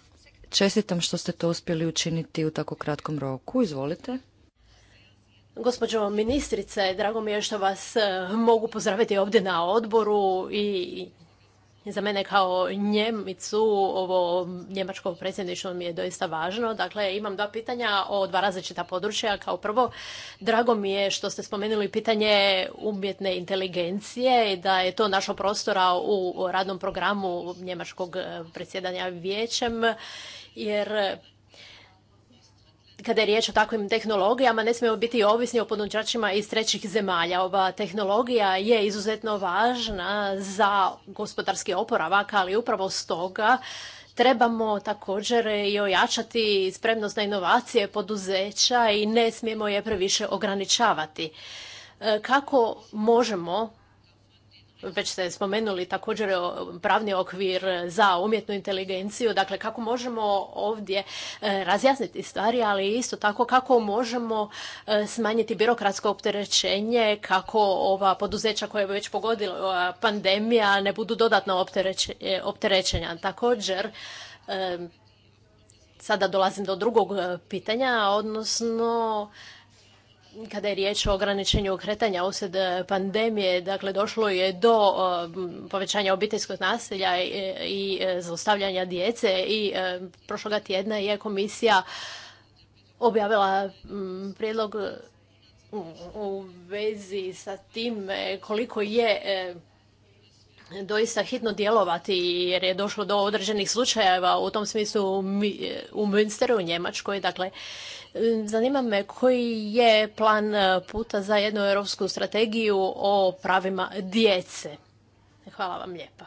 čestitam što ste to uspjeli učiniti u tako kratkom roku. Izvolite. Gospođo ministrice, drago mi je što vas eh, mogu pozdraviti ovdje na odboru i za mene kao Njemicu ovo njemačko predsjedništvo mi je doista važno. Dakle, imam dva pitanja o dva različita područja. Kao prvo, drago mi je što ste spomenuli pitanje umjetne inteligencije i da je to našo prostora u radnom programu njemačkog eh, predsjedanja vijećem jer kada je riječ o takvim tehnologijama ne smijemo biti ovisni o ponuđačima iz trećih zemalja. Ova tehnologija je izuzetno važna za gospodarski oporavak, ali upravo stoga trebamo također i ojačati spremnost na inovacije poduzeća i ne smijemo je previše ograničavati. E, kako možemo već ste spomenuli također e, pravni okvir za umjetnu inteligenciju, dakle kako možemo ovdje e, razjasniti stvari, ali isto tako kako možemo e, smanjiti birokratsko opterećenje, kako ova poduzeća koje je već pogodila pandemija ne budu dodatno opterećenja. Također, sada dolazim do drugog pitanja, odnosno kada je riječ o ograničenju kretanja usred e, pandemije, dakle došlo je do e, povećanja obiteljskog nasilja e, i zaustavljanja djece i prošloga tjedna je komisija objavila prijedlog u vezi sa tim koliko je doista hitno djelovati jer je došlo do određenih slučajeva u tom smislu u Münsteru u Njemačkoj. Dakle, Zanima me koji je plan e, puta za jednu europsku strategiju o pravima djece. Hvala vam lijepa.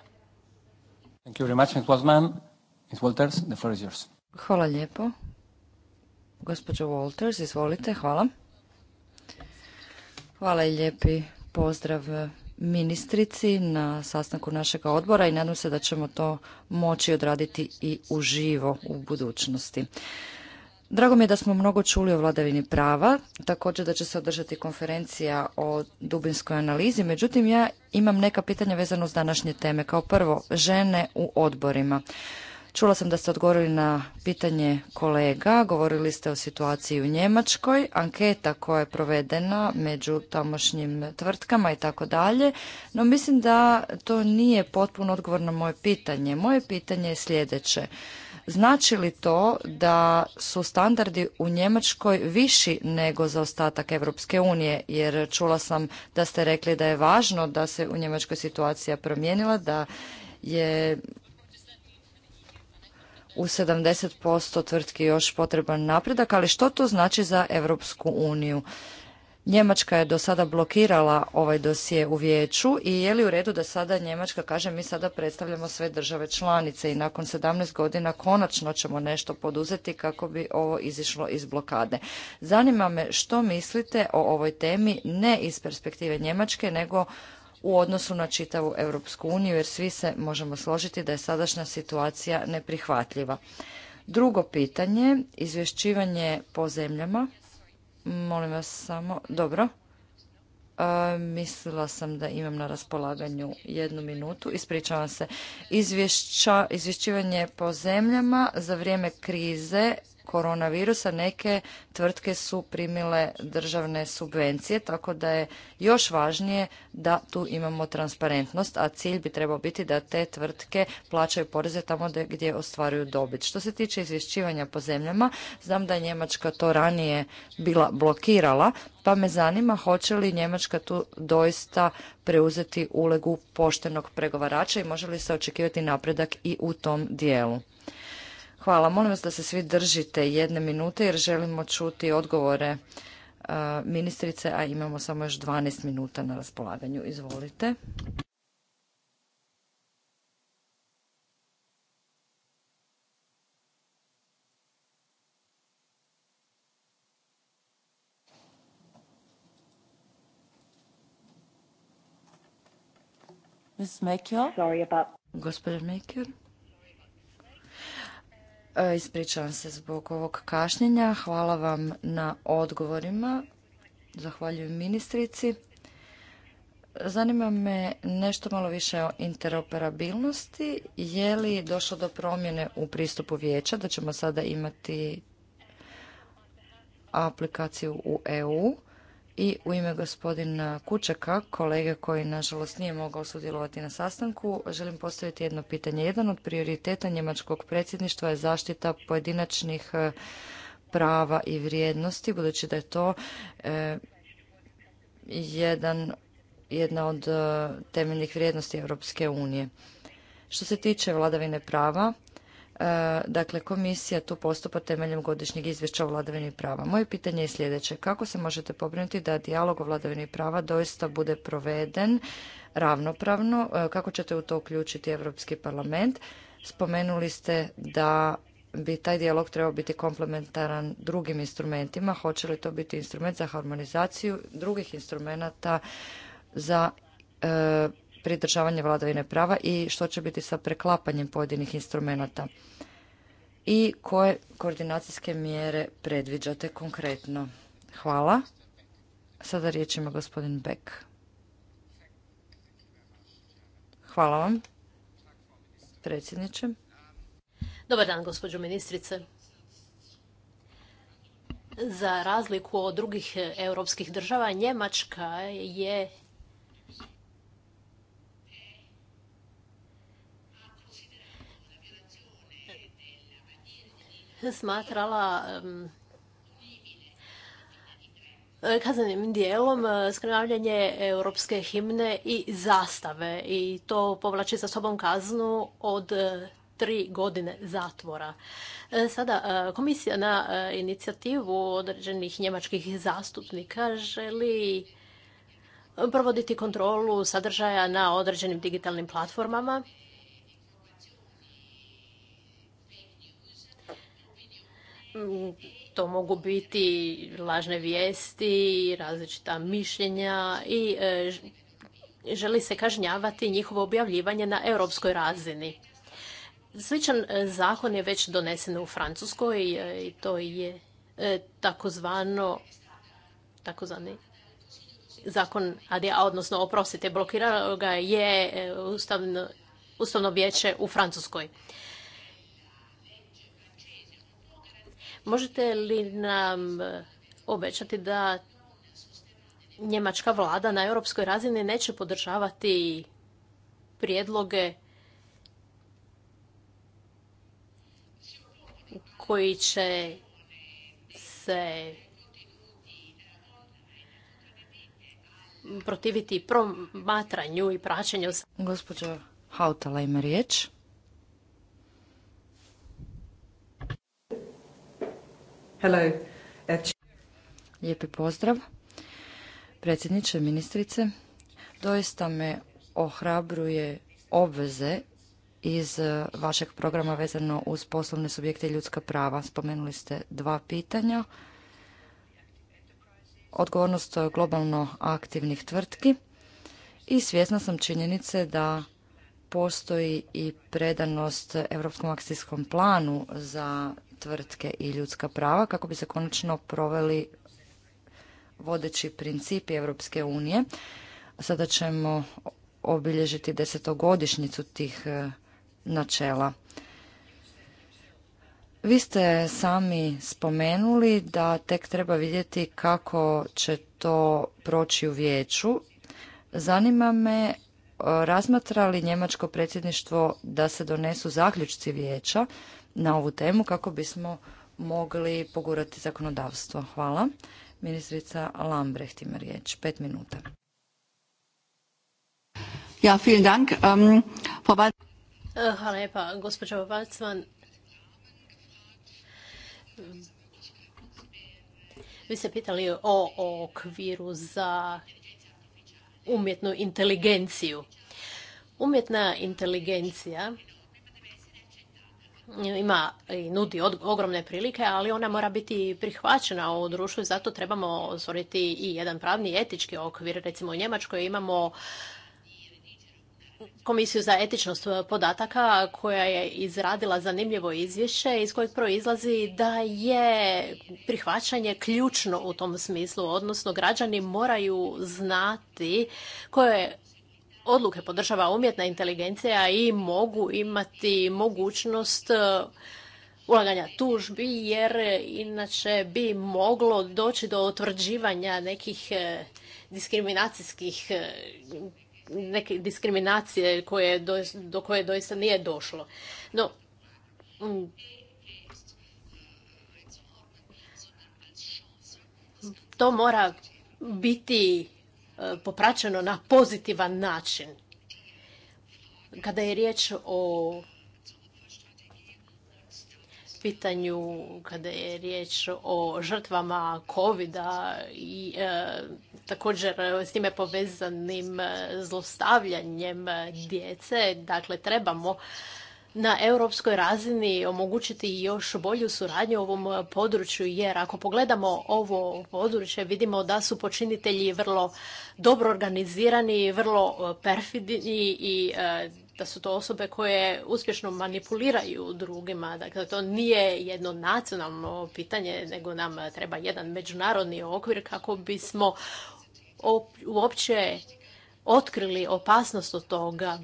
Hvala lijepo. Gospođo Walters, izvolite, hvala. Hvala i lijepi pozdrav ministrici na sastanku našeg odbora i nadam se da ćemo to moći odraditi i uživo u budućnosti. Drago mi je da smo mnogo čuli o vladavini prava, također da će se održati konferencija o dubinskoj analizi, međutim ja imam neka pitanja vezano uz današnje teme. Kao prvo, žene u odborima. Čula sam da ste odgovorili na pitanje kolega, govorili ste o situaciji u Njemačkoj, anketa koja je provedena među tamošnjim tvrtkama i tako dalje, no mislim da to nije potpuno odgovor na moje pitanje. Moje pitanje je sljedeće. Znači li to da su standardi u Njemačkoj viši nego za ostatak Europske unije? Jer čula sam da ste rekli da je važno da se u Njemačkoj situacija promijenila, da je u 70% tvrtki još potreban napredak, ali što to znači za Europsku uniju? Njemačka je do sada blokirala ovaj dosije u vijeću i je li u redu da sada Njemačka kaže mi sada predstavljamo sve države članice i nakon 17 godina konačno ćemo nešto poduzeti kako bi ovo izišlo iz blokade. Zanima me što mislite o ovoj temi ne iz perspektive Njemačke nego u odnosu na čitavu Europsku uniju jer svi se možemo složiti da je sadašnja situacija neprihvatljiva. Drugo pitanje, izvješćivanje po zemljama. Molim vas samo, dobro. E, mislila sam da imam na raspolaganju jednu minutu. Ispričavam se. izvješćivanje po zemljama za vrijeme krize koronavirusa neke tvrtke su primile državne subvencije, tako da je još važnije da tu imamo transparentnost, a cilj bi trebao biti da te tvrtke plaćaju poreze tamo gdje ostvaruju dobit. Što se tiče izvješćivanja po zemljama, znam da je Njemačka to ranije bila blokirala, pa me zanima hoće li Njemačka tu doista preuzeti ulegu poštenog pregovarača i može li se očekivati napredak i u tom dijelu. Hvala. Molim vas da se svi držite jedne minute jer želimo čuti odgovore e, ministrice, a imamo samo još 12 minuta na raspolaganju. Izvolite. Ms. Gospodin E, ispričavam se zbog ovog kašnjenja. Hvala vam na odgovorima. Zahvaljujem ministrici. Zanima me nešto malo više o interoperabilnosti. Je li došlo do promjene u pristupu vijeća da ćemo sada imati aplikaciju u EU? i u ime gospodina Kučeka, kolege koji nažalost nije mogao sudjelovati na sastanku, želim postaviti jedno pitanje. Jedan od prioriteta njemačkog predsjedništva je zaštita pojedinačnih e, prava i vrijednosti, budući da je to e, jedan, jedna od e, temeljnih vrijednosti Europske unije. Što se tiče vladavine prava, E, dakle, komisija tu postupa temeljem godišnjeg izvješća o vladavini prava. Moje pitanje je sljedeće. Kako se možete pobrinuti da dijalog o vladavini prava doista bude proveden ravnopravno? E, kako ćete u to uključiti Europski parlament? Spomenuli ste da bi taj dijalog trebao biti komplementaran drugim instrumentima. Hoće li to biti instrument za harmonizaciju drugih instrumenata za e, pridržavanje vladavine prava i što će biti sa preklapanjem pojedinih instrumenata i koje koordinacijske mjere predviđate konkretno. Hvala. Sada riječ ima gospodin Beck. Hvala vam, predsjedniče. Dobar dan, gospođo ministrice. Za razliku od drugih europskih država, Njemačka je smatrala kaznenim dijelom e, skrnavljanje europske himne i zastave i to povlači za sobom kaznu od e, tri godine zatvora. E, sada komisija na inicijativu određenih njemačkih zastupnika želi provoditi kontrolu sadržaja na određenim digitalnim platformama To mogu biti lažne vijesti, različita mišljenja i e, želi se kažnjavati njihovo objavljivanje na europskoj razini. Sličan e, zakon je već donesen u Francuskoj e, i to je takozvano takozvani zakon ADA, odnosno oprostite, blokirao ga je ustavno, ustavno vijeće u Francuskoj. Možete li nam eh, obećati da njemačka vlada na europskoj razini neće podržavati prijedloge koji će se protiviti promatranju i praćenju. Gospođo Hautala ima riječ. Hello. Lijepi pozdrav. Predsjedniče, ministrice, doista me ohrabruje obveze iz e, vašeg programa vezano uz poslovne subjekte i ljudska prava. Spomenuli ste dva pitanja. Odgovornost globalno aktivnih tvrtki i svjesna sam činjenice da postoji i predanost Europskom akcijskom planu za tvrtke i ljudska prava kako bi se konačno proveli vodeći principi Europske unije. Sada ćemo obilježiti desetogodišnjicu tih e, načela. Vi ste sami spomenuli da tek treba vidjeti kako će to proći u vijeću. Zanima me razmatrali njemačko predsjedništvo da se donesu zaključci vijeća na ovu temu kako bismo mogli pogurati zakonodavstvo. Hvala. Ministrica Lambrecht ima riječ. Pet minuta. Ja, vielen Dank. Ähm, e, hvala lijepa, gospođo Vi ste pitali o, o okviru za umjetnu inteligenciju. Umjetna inteligencija ima i nudi ogromne prilike, ali ona mora biti prihvaćena u društvu i zato trebamo stvoriti i jedan pravni etički okvir. Recimo u Njemačkoj imamo Komisiju za etičnost podataka koja je izradila zanimljivo izvješće iz kojeg proizlazi da je prihvaćanje ključno u tom smislu, odnosno građani moraju znati koje odluke podržava umjetna inteligencija i mogu imati mogućnost e, ulaganja tužbi jer inače bi moglo doći do otvrđivanja nekih e, diskriminacijskih e, neke diskriminacije koje, do koje doista nije došlo. No, mm, to mora biti e, popraćeno na pozitivan način. Kada je riječ o pitanju kada je riječ o žrtvama covid i e, također s time povezanim e, zlostavljanjem djece. Dakle, trebamo na europskoj razini omogućiti još bolju suradnju u ovom području, jer ako pogledamo ovo područje, vidimo da su počinitelji vrlo dobro organizirani, vrlo perfidni i e, da su to osobe koje uspješno manipuliraju drugima. Dakle, to nije jedno nacionalno pitanje, nego nam treba jedan međunarodni okvir kako bismo uopće otkrili opasnost od toga.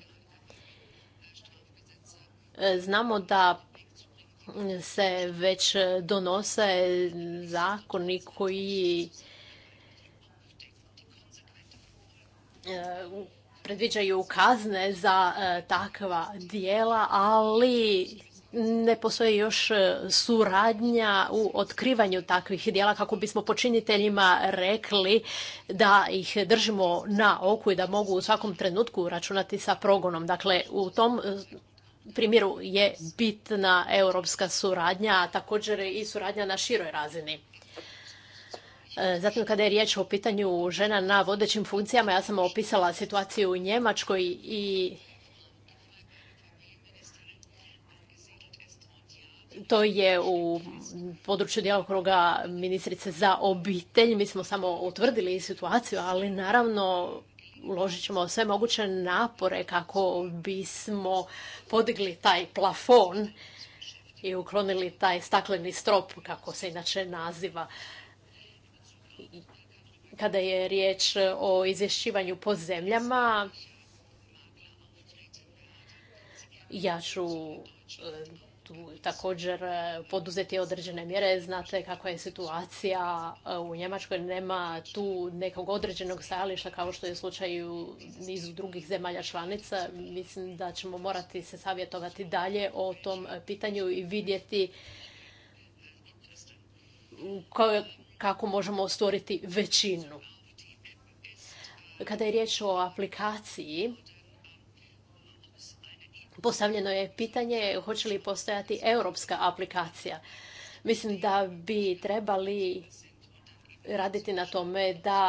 E, znamo da se već donose zakoni koji e, predviđaju kazne za e, takva dijela, ali ne postoji još e, suradnja u otkrivanju takvih djela kako bismo počiniteljima rekli da ih držimo na oku i da mogu u svakom trenutku računati sa progonom. Dakle, u tom e, primjeru je bitna europska suradnja, a također i suradnja na široj razini. E, zatim kada je riječ o pitanju žena na vodećim funkcijama, ja sam opisala situaciju u Njemačkoj i to je u području djelokruga ministrice za obitelj. Mi smo samo utvrdili situaciju, ali naravno uložit ćemo sve moguće napore kako bismo podigli taj plafon i uklonili taj stakleni strop, kako se inače naziva kada je riječ o izvješćivanju po zemljama. Ja ću eh, također eh, poduzeti određene mjere. Znate kakva je situacija eh, u Njemačkoj. Nema tu nekog određenog stajališta kao što je slučaj u nizu drugih zemalja članica. Mislim da ćemo morati se savjetovati dalje o tom pitanju i vidjeti kako možemo ostvoriti većinu. Kada je riječ o aplikaciji, postavljeno je pitanje hoće li postojati europska aplikacija. Mislim da bi trebali raditi na tome da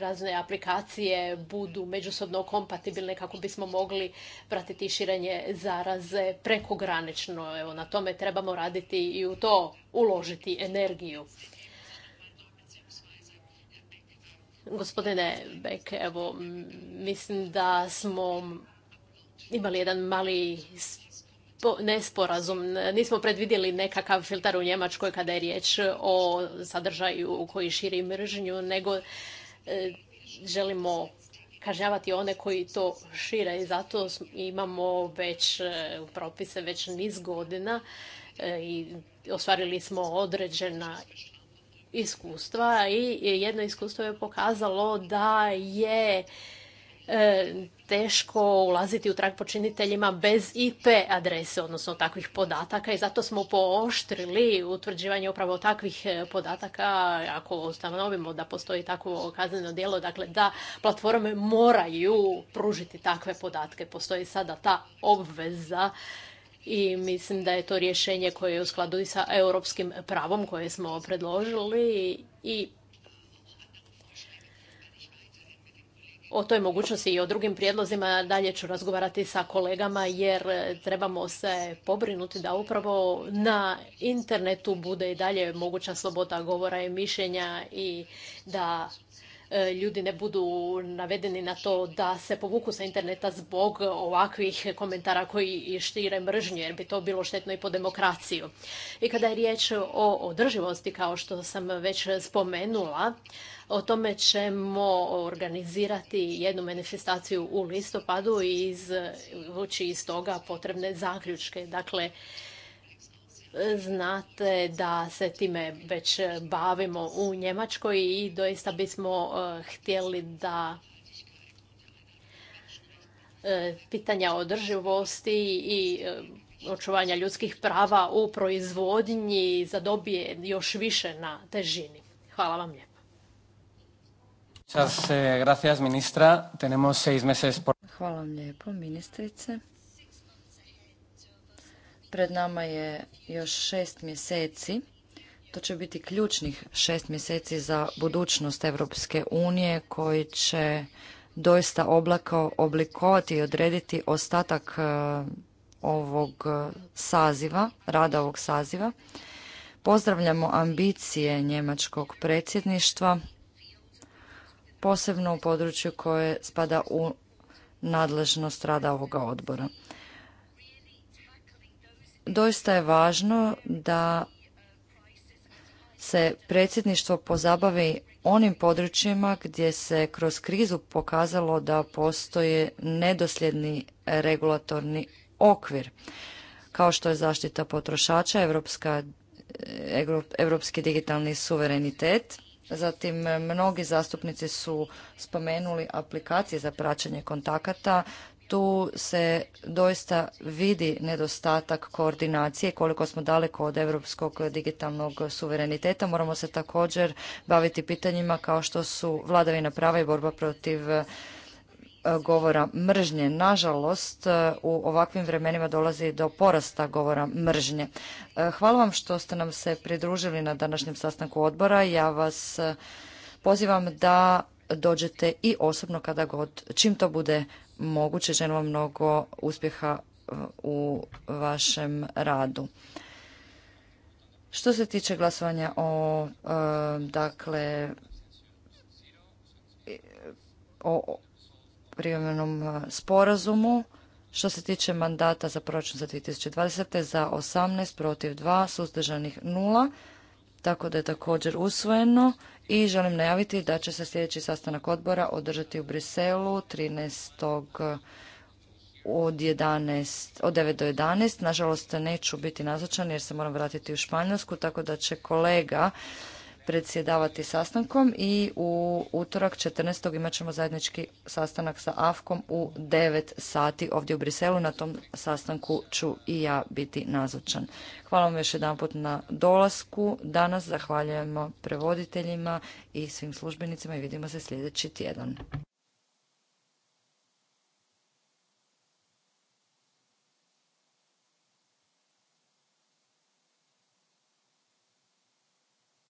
razne aplikacije budu međusobno kompatibilne kako bismo mogli pratiti širenje zaraze prekogranično. Evo, na tome trebamo raditi i u to uložiti energiju. Gospodine Bek, evo, mislim da smo imali jedan mali nesporazum. Nismo predvidjeli nekakav filtar u Njemačkoj kada je riječ o sadržaju koji širi mržnju, nego e, želimo kažnjavati one koji to šire i zato imamo već e, propise već niz godina e, i ostvarili smo određena iskustva i jedno iskustvo je pokazalo da je e, teško ulaziti u trag počiniteljima bez IP adrese, odnosno takvih podataka i zato smo pooštrili utvrđivanje upravo takvih e, podataka ako ustanovimo da postoji takvo kazneno djelo, dakle da platforme moraju pružiti takve podatke. Postoji sada ta obveza i mislim da je to rješenje koje je u skladu i sa europskim pravom koje smo predložili i o toj mogućnosti i o drugim prijedlozima dalje ću razgovarati sa kolegama jer trebamo se pobrinuti da upravo na internetu bude i dalje moguća sloboda govora i mišljenja i da E, ljudi ne budu navedeni na to da se povuku sa interneta zbog ovakvih komentara koji štire mržnju, jer bi to bilo štetno i po demokraciju. I kada je riječ o održivosti, kao što sam već spomenula, o tome ćemo organizirati jednu manifestaciju u listopadu i izvući iz toga potrebne zaključke. Dakle, znate da se time već bavimo u Njemačkoj i doista bismo e, htjeli da e, pitanja održivosti i e, očuvanja ljudskih prava u proizvodnji zadobije još više na težini. Hvala vam lijepo. Eh, Hvala vam lijepo, ministrice. Pred nama je još šest mjeseci. To će biti ključnih šest mjeseci za budućnost Europske unije koji će doista oblako oblikovati i odrediti ostatak e, ovog saziva, rada ovog saziva. Pozdravljamo ambicije njemačkog predsjedništva, posebno u području koje spada u nadležnost rada ovoga odbora. Doista je važno da se predsjedništvo pozabavi onim područjima gdje se kroz krizu pokazalo da postoje nedosljedni regulatorni okvir, kao što je zaštita potrošača, evropska, evropski digitalni suverenitet. Zatim, mnogi zastupnici su spomenuli aplikacije za praćenje kontakata tu se doista vidi nedostatak koordinacije koliko smo daleko od europskog digitalnog suvereniteta. Moramo se također baviti pitanjima kao što su vladavina prava i borba protiv e, govora mržnje. Nažalost, e, u ovakvim vremenima dolazi do porasta govora mržnje. E, hvala vam što ste nam se pridružili na današnjem sastanku odbora. Ja vas pozivam da dođete i osobno kada god, čim to bude moguće. Želim vam mnogo uspjeha e, u vašem radu. Što se tiče glasovanja o e, dakle o privremenom e, sporazumu, što se tiče mandata za proračun za 2020. za 18, protiv 2, suzdržanih 0 tako da je također usvojeno i želim najaviti da će se sljedeći sastanak odbora održati u Briselu 13. Od, 11, od 9 do 11. Nažalost, neću biti nazočan jer se moram vratiti u Španjolsku, tako da će kolega predsjedavati sastankom i u utorak 14. imat ćemo zajednički sastanak sa AFKOM u 9 sati ovdje u Briselu. Na tom sastanku ću i ja biti nazočan. Hvala vam još jedanput na dolasku. Danas zahvaljujemo prevoditeljima i svim službenicima i vidimo se sljedeći tjedan.